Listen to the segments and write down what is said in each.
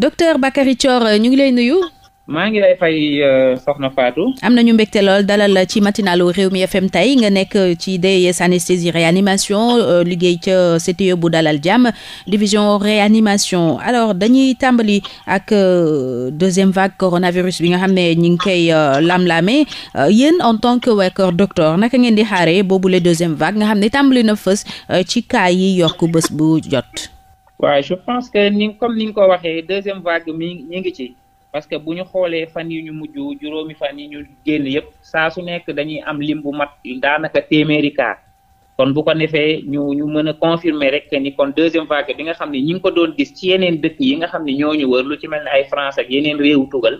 docteur Bakary Thior euh, ñu ngi lay nuyu. maa ngi lay fay euh, soxna Fatou. am nañu mbégte lool dalal ci matinalu mi FM tey nga nekk ci DES anesthésie réanimation euh, liggéey ca CTO e bu Dalal Jàmm division réanimation alors dañuy tàmbali ak deuxième vague coronavirus bi nga xam ne ñu ngi koy lam-laame yéen en tant que wekor docteur naka ngeen di xaare boobu boobule deuxième vague nga xam ne tàmbali na fës ci cas yi yokk bés bu jot. waa je pense que ni comme ni nga ko waxee deuxième vague mi ñu ngi ci parce que bu ñu xoolee fan yi ñu mujj juróomi fan yi ñu génn yëpp saa su nekk dañuy am lim bu mat daanaka téeméeri cas kon bu ko defee ñu ñu mën a confirmer rek ni kon deuxième vague bi nga xam ni ñi ngi ko doon gis ci yeneen dëkk yi nga xam ni ñoo ñu wër lu ci mel ni ay France ak yeneen réewu tugal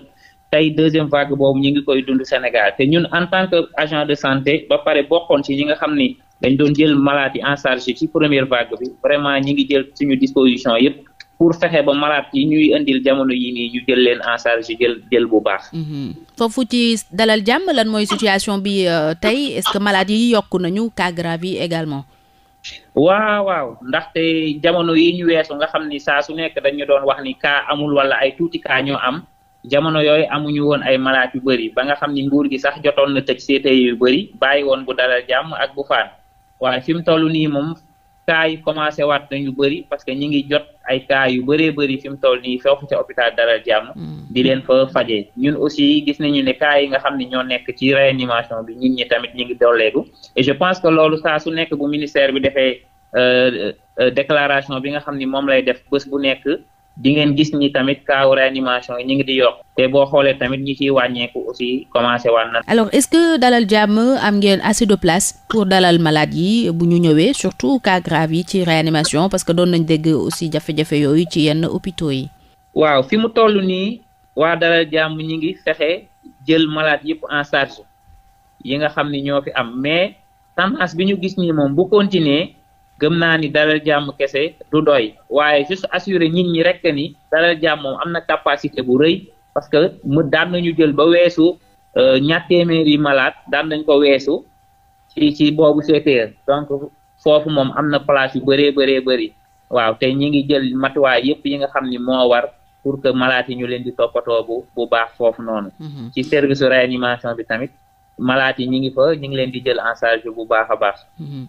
tey deuxième vague boobu ñu ngi koy dund Sénégal te ñun en tant que agent de santé ba pare bokkoon ci ñi nga xam ni. dañ doon jël malade yi en charge ci première vague bi vraiment ñi ngi jël suñu disposition yëpp pour fexe ba malade yi ñuy indil jamono yi nii ñu jël leen en charge jël bu baax. Mm-hmm. foofu ci dalal jàmm lan mooy situation bi euh, tey est-ce que malade yi yokku nañu cas grave également. waaw waaw ndaxte jamono yi ñu weesu nga xam ni saa su nekk dañu doon wax ni ka amul wala ay tuuti cas ñoo am jamono yooyu amuñu woon ay malade yu bëri ba nga xam ni nguur gi sax jotoon na tëj CTI yu bëri bàyyi woon bu dalal jàmm ak bu faan waaye fi mu toll nii moom cas yi commencé waat nañu bëri parce que ñi ngi jot ay cas yu bëree bëri fi mu toll nii foofu ca hôpital Dalal Jàmm mm. di leen fa fajee ñun aussi gis nañu ne cas yi nga xam ne ñoo nekk ci réanimation bi nit ñi tamit ñu ngi dolleeku et je pense que loolu saa su nekk bu ministère bi defee euh, euh, déclaration bi nga xam ni moom lay def bës bu nekk di ngeen gis nii tamit kaaw réanimation yi ñu ngi di yokk te boo xoolee tamit ñi ciy wàññeeku aussi commencé waan na. alors est-ce que dalal jàmm am ngeen assez de place pour dalal malade yi bu ñu ñëwee surtout cas yi ci réanimation parce que doon nañ dégg aussi jafe-jafe yooyu ci yenn hôpitaux yi. waaw fi mu toll nii waa dalal jàmm ñi ngi fexe jël malade yëpp en charge yi nga xam ni ñoo fi am mais tendance bi ñu gis nii moom bu continuer gëm naa ni dalal jàmm kese du doy waaye juste assurer nit ñi rek ni dalal jàmm moom am na capacité bu rëy parce que mu daan nañu jël ba weesu euh, ñaar téeméeri malade dan nañ ko weesu ci ci boobu secteur donc foofu moom am na place yu bëree bëree bëri waaw te ñi ngi jël matuwaay yëpp yi nga xam ni moo war pour que malade yi ñu leen di toppatoo bu bu baax foofu noonu. Mhm. ci service réanimation bi tamit. malaat yi ñi ngi fa ñu ngi leen di jël en charge bu baax a baax. Mhm.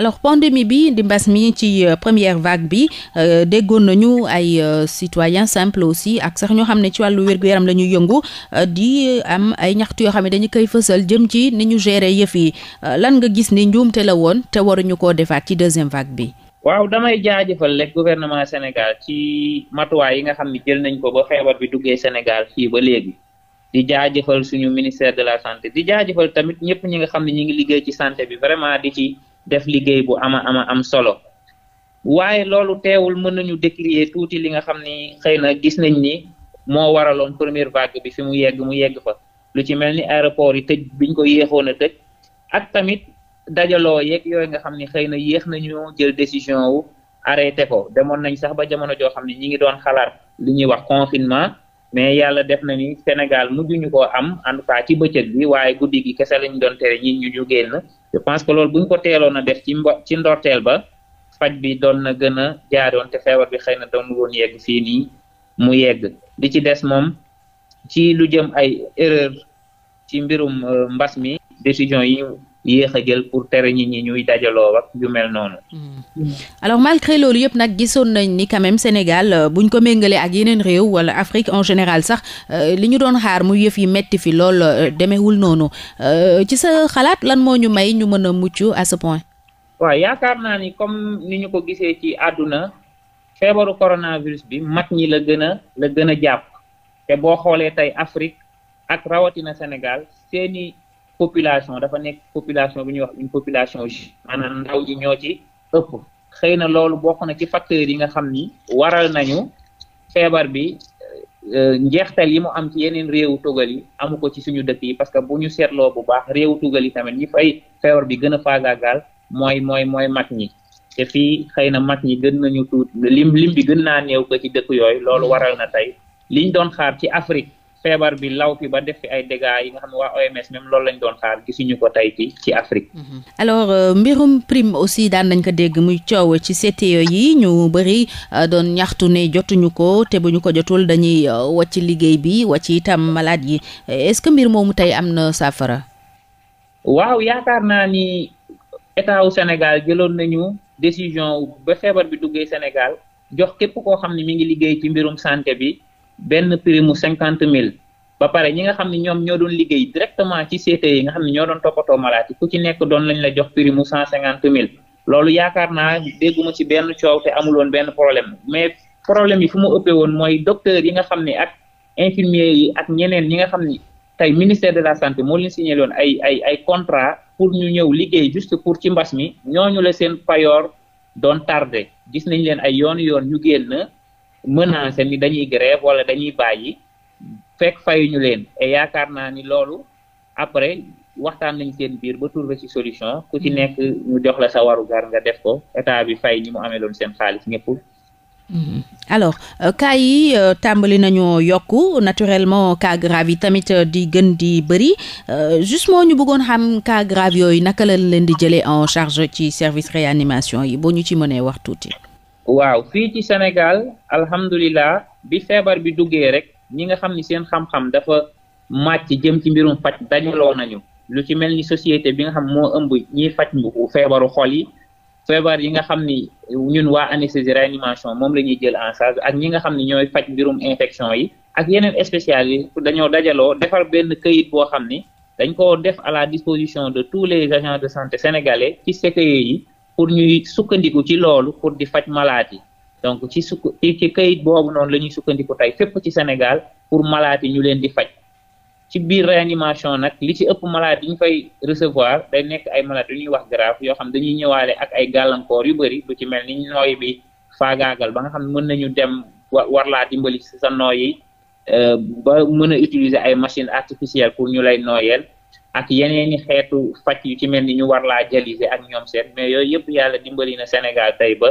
alors pandémie bi di mbas mi ci euh, première vague bi euh, déggoon nañu ay euh, citoyens simples aussi ak sax ñoo xam ne ci wàllu wér gi yaram la ñuy yëngu di am ay ñaxtu yoo xam ne dañu koy fësal jëm ci ni ñu gérer yëf yi lan nga gis ni njuumte la woon te waruñu koo defaat ci deuxième vague bi. waaw damay jaajëfal rek gouvernement Sénégal ci matuwaay yi nga xam ne jël nañ ko ba feebar bi duggee Sénégal fii ba léegi. di jaajëfal suñu ministère de la santé di jaajëfal tamit ñëpp ñi nga xam ne ñi ngi liggéey ci santé bi vraiment di ci def liggéey bu ama ama am solo waaye loolu teewul mën nañu décrier tuuti li nga xam ni xëy na gis nañ ni moo waraloon première vague bi fi mu yegg mu yegg fa lu ci mel ni aéroport yi tëj biñ ko yéexoon a tëj ak tamit dajaloo yeeg yooyu nga xam ni xëy na yéex nañu jël décision wu arrêté ko demoon nañ sax ba jamono joo xam ne ñi ngi doon xalaat li ñuy wax confinement mais yàlla def na ni Sénégal mujjuñu ko am en ci bëccëg bi waaye guddi gi kese lañ doon tere ñi ñu ñu génn je pense que loolu buñ ko teeloon na def ci mbo ci ndorteel ba faj bi doon na gën a jaaroon te feebar bi xëy na doon woon yegg fii nii mu yegg di ci des moom ci lu jëm ay erreur ci mbirum euh, mbas mi décision yi yéex a jël pour tere nit ñi ñuy dajaloo ak yu mel noonu. Mm. alors malgré loolu yëpp nag gisoon nañ ni quand même Sénégal euh, buñ ko méngalee ak yeneen réew wala Afrique en général sax euh, li ñu doon xaar mu yëf yi metti fi lool euh, demeewul noonu ci sa xalaat lan moo ñu may ñu mën a mucc à ce point. waaw yaakaar naa ni comme ni ñu ko gisee ci àdduna feebaru coronavirus bi mag ñi la gën a la gën a jàpp te boo xoolee tey Afrique ak rawatina Sénégal seeni population dafa nekk population bi ñuy wax une population maanaam ndaw ji ñoo ci ëpp xëy na loolu bokk na ci facteurs yi nga xam ni waral nañu feebar bi euh, euh, njeextal yi mu am ci yeneen réewu tugal yi amu ko ci suñu dëkk yi parce que bu ñu seetloo bu baax réewu tugal yi tamit ñi fay feebar bi gën a faagaagal mooy mooy mooy mag ñi te fii xëy na mag ñi gën nañu tuut lim lim bi gën naa néew ko ci dëkk yooyu loolu waral na tey liñ doon xaar ci Afrique feebar bi law fi ba def fi ay dégâts yi nga xam ne waa OMS même loolu lañ doon xaar gisuñu ko tey ci ci Afrique. Mhm. alors euh, mbirum prime aussi daan nañ ko dégg muy coow ci CTE yi ñu bëri euh, doon ñaxtu ne jotuñu ko te bu ko jotul dañuy euh, wàcc liggéey bi wàcc itam malade yi est-ce que mbir moomu tey am na saafara. waaw yaakaar naa ni état wu Sénégal jëloon nañu décision ba bi duggee Sénégal jox képp koo xam ne mi ngi liggéey ci mbirum santé bi. benn prix mu cinquante mille ba pare ñi nga xam ne ñoom ñoo doon liggéey directement ci CTE yi nga xam ne ñoo doon toppatoo malade yi ku ci nekk doon lañ la jox prix mu cent cinquante mille loolu yaakaar naa dégguma ci benn coow te amuloon benn problème mais problème yi fu mu ëppee woon mooy docteur yi nga xam ne ak infirmier yi ak ñeneen ñi nga xam ne tey ministère de la santé moo leen signé loon ay ay ay contrat pour ñu ñëw liggéey juste pour ci mbas mi ñooñu la seen payoor doon tardé gis nañ leen ay yoon yoon ñu génn menacé ni dañuy grève wala dañuy bàyyi fekk fayuñu leen et yaakaar naa ni loolu après waxtaan nañ seen biir ba trouver ci solution ku ci mm. nekk ñu jox la sa waru gar nga def ko état bi fay ñi mu amee loon seen xaalis ñëpp Mmh. alors euh, cas yi euh, tàmbali nañoo yokk naturellement cas yi tamit euh, di gën di bëri juste moo ñu bëggoon xam cas yooyu naka la leen di jëlee en charge ci service réanimation yi boo ñu ci mënee wax tuuti. waaw fii ci Sénégal alhamdulilah bi feebar bi duggee rek ñi nga xam ni seen xam-xam dafa màcc jëm ci mbirum faj dajaloo nañu lu ci mel ni société bi nga xam moo ëmb ñiy faj mbu feebaru xol yi feebar yi nga xam ni ñun waa anesthésie réanimation moom la ñuy jël en charge ak ñi nga xam ni ñooy faj mbirum infection yi ak yeneen yi dañoo dajaloo defar benn kayit boo xam ni dañ ko def à la disposition de tous les agents de santé sénégalais ci yi pour ñuy sukkandiku ci loolu pour di faj malaat yi donc ci sukk ci kayit boobu noonu la ñuy sukkandiku tey fépp ci Sénégal pour malaat yi ñu leen di faj ci biir réanimation nag li ci ëpp malade yi ñu fay recevoir day nekk ay malade yu ñuy wax grave yoo xam dañuy ñëwaale ak ay gàllankoor yu bëri lu ci mel ni nooy bi faagaagal ba nga xam ne mën nañu dem war laa dimbali sa nooy yi euh, ba mën a utiliser ay machines artificielles pour ñu lay nooyeel ak yeneeni xeetu faj yu ci mel ni ñu war laa dialyser ak ñoom seen mais yooyu yëpp yàlla dimbali na Sénégal tey ba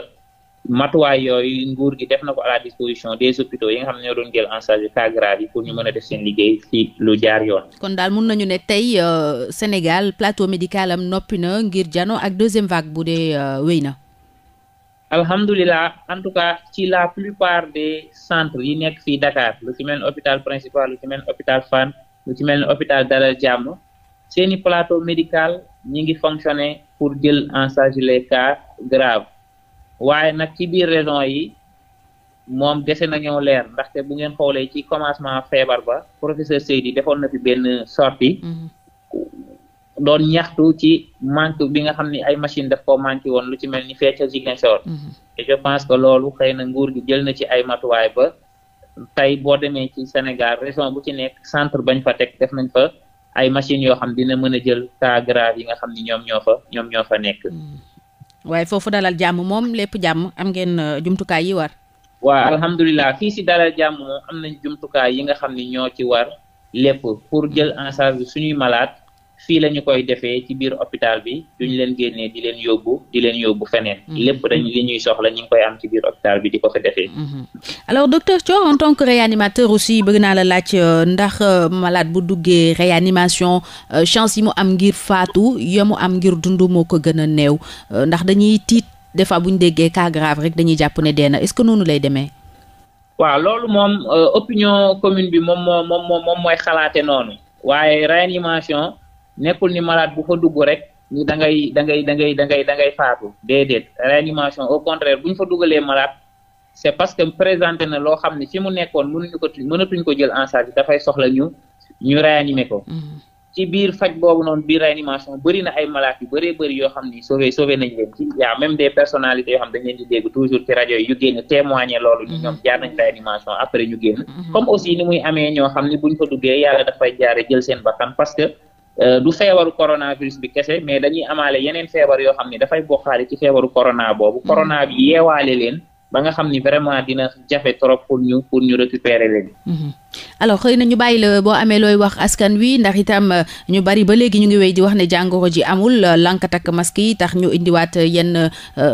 matuwaay yooyu nguur gi def na ko à la disposition des hôpitaux yi nga xam ne ñoo doon jël en charge cas grave pour ñu mën a def seen liggéey ci lu jaar yoon. kon daal mun nañu ne tey euh, Sénégal plateau médical am noppi na ngir jano ak deuxième vague bu dee euh, wéy na. alhamdulilah en tout cas ci la plupart des centres yi nekk fii Dakar lu ci mel ni hôpital principal lu ci mel ni hôpital Fann lu ci mel ni hôpital Dalal Jàmm. seeni plateau médical ñi ngi fonctionner pour jël en charge les cas graves waaye nag ci biir raison yi moom dese nañoo leer ndaxte bu ngeen xoolee ci commencement feebar ba professeur Seydi defoon na fi benn sortie mhm. doon ñaxtu ci manque bi nga xam ni ay machine daf ko manqué woon lu ci mel ni fee ca Ziguinchor mhm. je pense que loolu xëy na nguur gi jël na ci ay matuwaay ba tey boo demee ci Sénégal région bu ci nekk centre bañ fa teg def nañ fa ay machine yoo xam dina mën a jël cas grave yi nga xam ni ñoom ñoo fa ñoom ñoo fa nekk. Hmm. waaye foofu dalal jàmm moom lépp jàmm am ngeen uh, jumtukaay yi war. waa alhamdulilah fii si dalal jàmm moom am nañ jumtukaay yi nga xam ni ñoo ci war lépp pour jël en charge suñuy malaat fii la koy defee ci biir hôpital bi duñ mm. leen génnee di leen yóbbu di leen yóbbu feneen mm. lépp dañ mm. soxla ñu ngi koy am ci biir hôpital bi di ko fa defee mm-hmm. alors docteur Thior en tant que réanimateur aussi bëgg naa la laaj euh, ndax euh, malaat bu duggee réanimation euh, chance yi mu am ngir faatu ya mu am ngir dund moo ko gën a néew ndax dañuy tiit des fois bu ñu déggee cas grave rek dañuy jàpp ne dee na est-ce que noonu lay demee waaw loolu moom opinion commune bi moom moom xalaate noonu nekkul ni malade bu fa dugg rek ni da ngay da da ngay da ngay da ngay faatu déedéet réanimation au contraire bu ñu fa dugalee malade c'est parce que présenté na loo xam ne fi mu nekkoon mënuñu ko mënatuñ ko jël en charge dafay soxla ñu ñu ko. Mm-hmm. ci biir faj boobu noonu biir réanimation bëri na ay yu bëree bëri yoo xam ni sauvé sauvé nañ leen ci y a même yoo xam dañ di dégg toujours ci rajo yi yu génn témoigner loolu ñoom mm-hmm. jaar nañ réanimation après ñu génn. Mm-hmm. comme aussi Euh, du feebaru coronavirus bi kese mais dañuy amaale yeneen feebar yoo xam ne dafay bokkaale ci feebaru corona boobu corona bi yeewaale leen ba nga xam ni vraiment dina jafe trop pour ñu récupérer leen. Mhm. alors xëy na ñu bàyyi la boo amee looy wax askan wi ndax itam euh, ñu bari ba léegi ñu ngi wéy di wax ne jàngoro ji amul euh, lank takk masque yi tax ñu indiwaat euh, yenn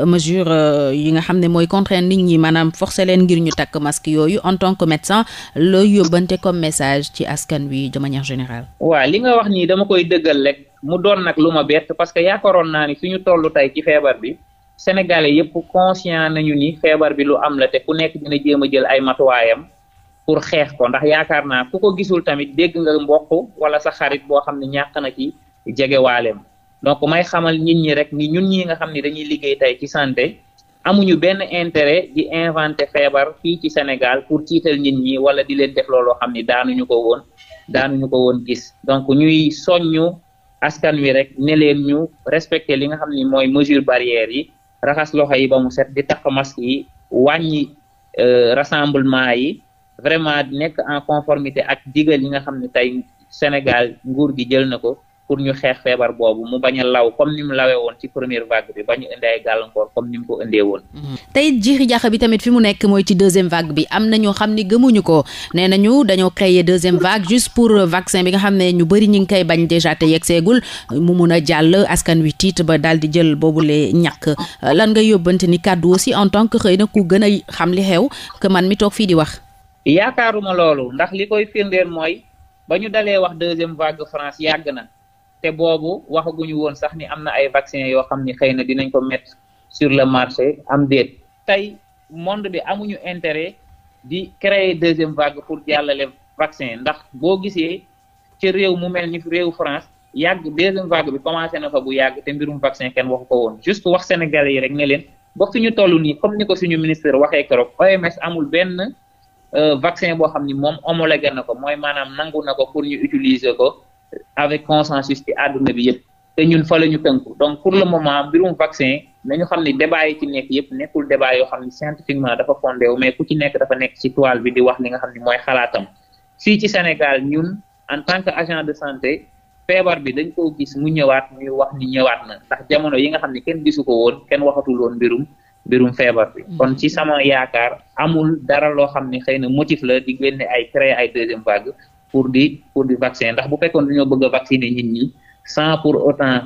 mesure yi nga xam ne mooy contraindre nit ñi maanaam forcer leen ngir ñu takk masque yooyu en tant que médecin looy yóbbante comme message ci askan wi de manière générale. waaw li nga wax nii dama koy dëggal rek mu doon nag lu ma bett parce sénégal yëpp conscient nañu ni feebar bi lu am la te ku nekk dina jéem a jël ay matuwaayam pour xeex ko ndax yaakaar naa ku ko gisul tamit dégg nga mbokk wala sa xarit boo xam ne ñàkk na ci jegewaaleem donc may xamal nit ñi rek ni ñun ñi nga xam ni dañuy liggéey tey ci santé amuñu benn intérêt di inventé feebar fii ci Sénégal pour tiital nit ñi wala di leen def looloo xam ni daanuñu ko woon daanuñu ko woon gis donc ñuy soññu askan wi rek ne leen ñu respecté li nga xam ni mooy mesure barrière yi raxas loxo yi ba mu set di takk masque yi wàññi euh, rassemblement yi vraiment nekk en conformité ak digal yi nga xam ne tey Sénégal nguur gi jël na ko pour ñu xeex feebar boobu mu bañ a law comme ni mu lawee woon ci première vague bi ba ñu indi ay gàllankoor comme ni mu ko indee woon. Mm-hmm. tey jiixi jaaxa bi tamit fi mu nekk mooy ci deuxième vague bi am na ñoo xam ni gëmuñu ko nee nañu dañoo créer deuxième vague juste pour vaccin bi nga xam ne ñu bëri ñu ngi koy bañ déjà te yegg seegul mu mun a jàll askan wi tiit ba daal di jël boobule ñàkk lan nga yóbbante ni kàddu aussi en tant que xëy na ku gën a xam li xew que man mi toog fii di wax. yaakaaruma loolu ndax li koy firndeel mooy ba te boobu waxaguñu woon sax ni am na ay vaccin yoo xam ni xëy na dinañ ko mettre sur le marché am déet tey monde bi amuñu intérêt di créer deuxième vague pour jàllale vaccin ndax boo gisee ci réew mu mel ni réew France yàgg deuxième vague bi commencé na fa bu yàgg te mbirum vaccin kenn waxu ko woon juste wax Sénégalais yi rek ne leen ba fi ñu toll nii comme ni ko suñu ministre waxee keroog OMS amul benn euh, vaccin boo xam ni moom homologué na ko mooy maanaam nangu na ko pour ñu utiliser ko avec consensus ci àdduna bi yëpp te ñun fa la ñu donc pour le moment mbirum vaccin nañu xam ni débat yi ci nekk yëpp nekkul débat yo xam ni scientifiquement dafa fondé wu mais ku ci nekk dafa nekk ci toile bi di wax li nga xam ni mooy xalaatam fii ci Sénégal ñun en tant que agent de santé feebar bi dañ koo gis mu ñëwaat muy wax ni ñëwaat na ndax jamono yi nga xam ni kenn gisu ko woon kenn waxatul woon mbirum mbirum feebar bi mm. kon ci sama yaakaar amul dara loo xam ni xëy na motif la di ay créer ay deuxième pour di pour di vaccin ndax bu fekkoon dañoo bëgg a vacciner nit ñi sans pour autant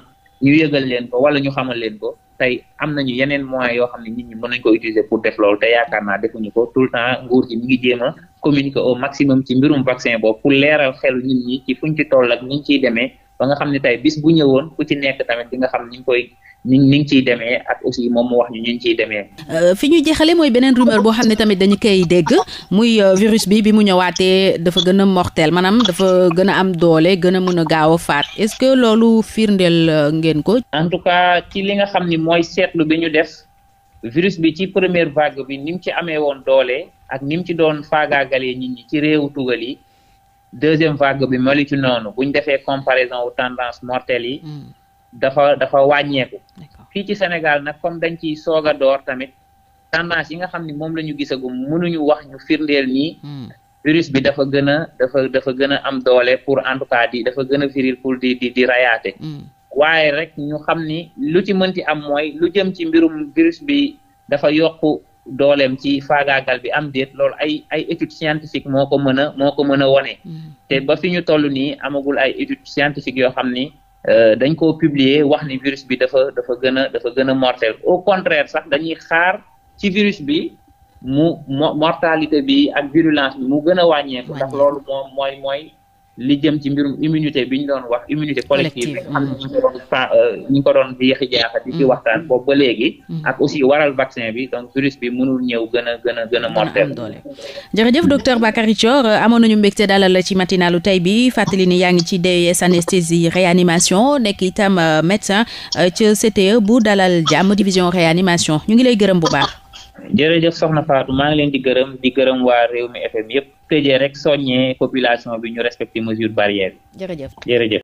ñu yëgal leen ko wala ñu xamal leen ko tey am nañu yeneen moyens yoo xam ne nit ñi mën nañ ko utiliser pour def loolu te yaakaar naa defuñu ko tout le temps nguur gi mi ngi jéem a communiquer maximum ci mbirum vaccin boobu pour leeral xelu nit ñi ci fuñ ci toll ak ñu ciy demee ba nga xam ne tey bis bu ñëwoon ku ci nekk tamit di nga xam ni koy ni ni ngi ciy demee ak aussi moom mu wax ñu ñu ngi ciy demee. Euh, fi ñu jeexale mooy beneen rumeur boo xam ne tamit dañu koy dégg muy euh, virus bi bi mu ñëwaatee dafa gën a mortel maanaam dafa gën a am doole gën a mën a gaaw a faat est-ce que loolu firndeel euh, ngeen ko. en tout cas ci li nga xam ni mooy seetlu bi ñu def virus bi ci première vague bi ni mu ci amee woon doole ak ni mu ci doon faagaagalee nit ñi ci réewu tugal yi deuxième vague bi melu ci noonu bu ñu defee comparaison wu tendance mortelle yi. Hmm. dafa dafa wàññeeku fii ci Sénégal nag comme dañ ciy soog a door tamit tendance yi nga xam ne moom lañu la ñu gisagum ñu wax ñu firndeel nii hmm. virus bi dafa gën a dafa dafa gën a am doole pour en tout cas di dafa gën a viril pour di di rayaate hmm. waaye rek ñu xam ni lu ci mënti am mooy lu jëm ci mbirum virus bi dafa yokku doolem ci faagaagal bi am déet loolu ay ay étude scientifique moo ko mën a moo ko mën a wone hmm. te ba fi ñu toll nii amagul ay étude scientifique yoo xam ni Euh, dañ ko publier wax ni virus bi dafa dafa gën a dafa gën a mortel au contraire sax dañuy xaar ci virus bi mu mortalité bi ak virulence bi mu gën a wàññeeku ndax loolu mooy mooy li jëm ci mbirum immunité bi ñu doon wax immunité collective bi xam mm-hmm. ñu ko doon euh, ñu ko doon yéexi jaaxa di ci mm-hmm. waxtaan boobu ba léegi mm-hmm. ak aussi waral vaccin bi donc virus bi mënul ñëw gën a gën a gën a mortel jërëjëf docteur Bakary Thior amoon nañu mbégte dalal ci matinalu tey bi fàttali ni yaa ngi ci DES anesthésie réanimation nekk itam euh, médecin ci euh, CTE bu dalal jàmm division réanimation ñu ngi lay gërëm bu baax jërëjëf soxna Fatou maa ngi leen di gërëm di gërëm waa réew mi FM yëpp tëjee rek soññee population bi ñu respecté mesure barrière yi. jërëjëf jërëjëf.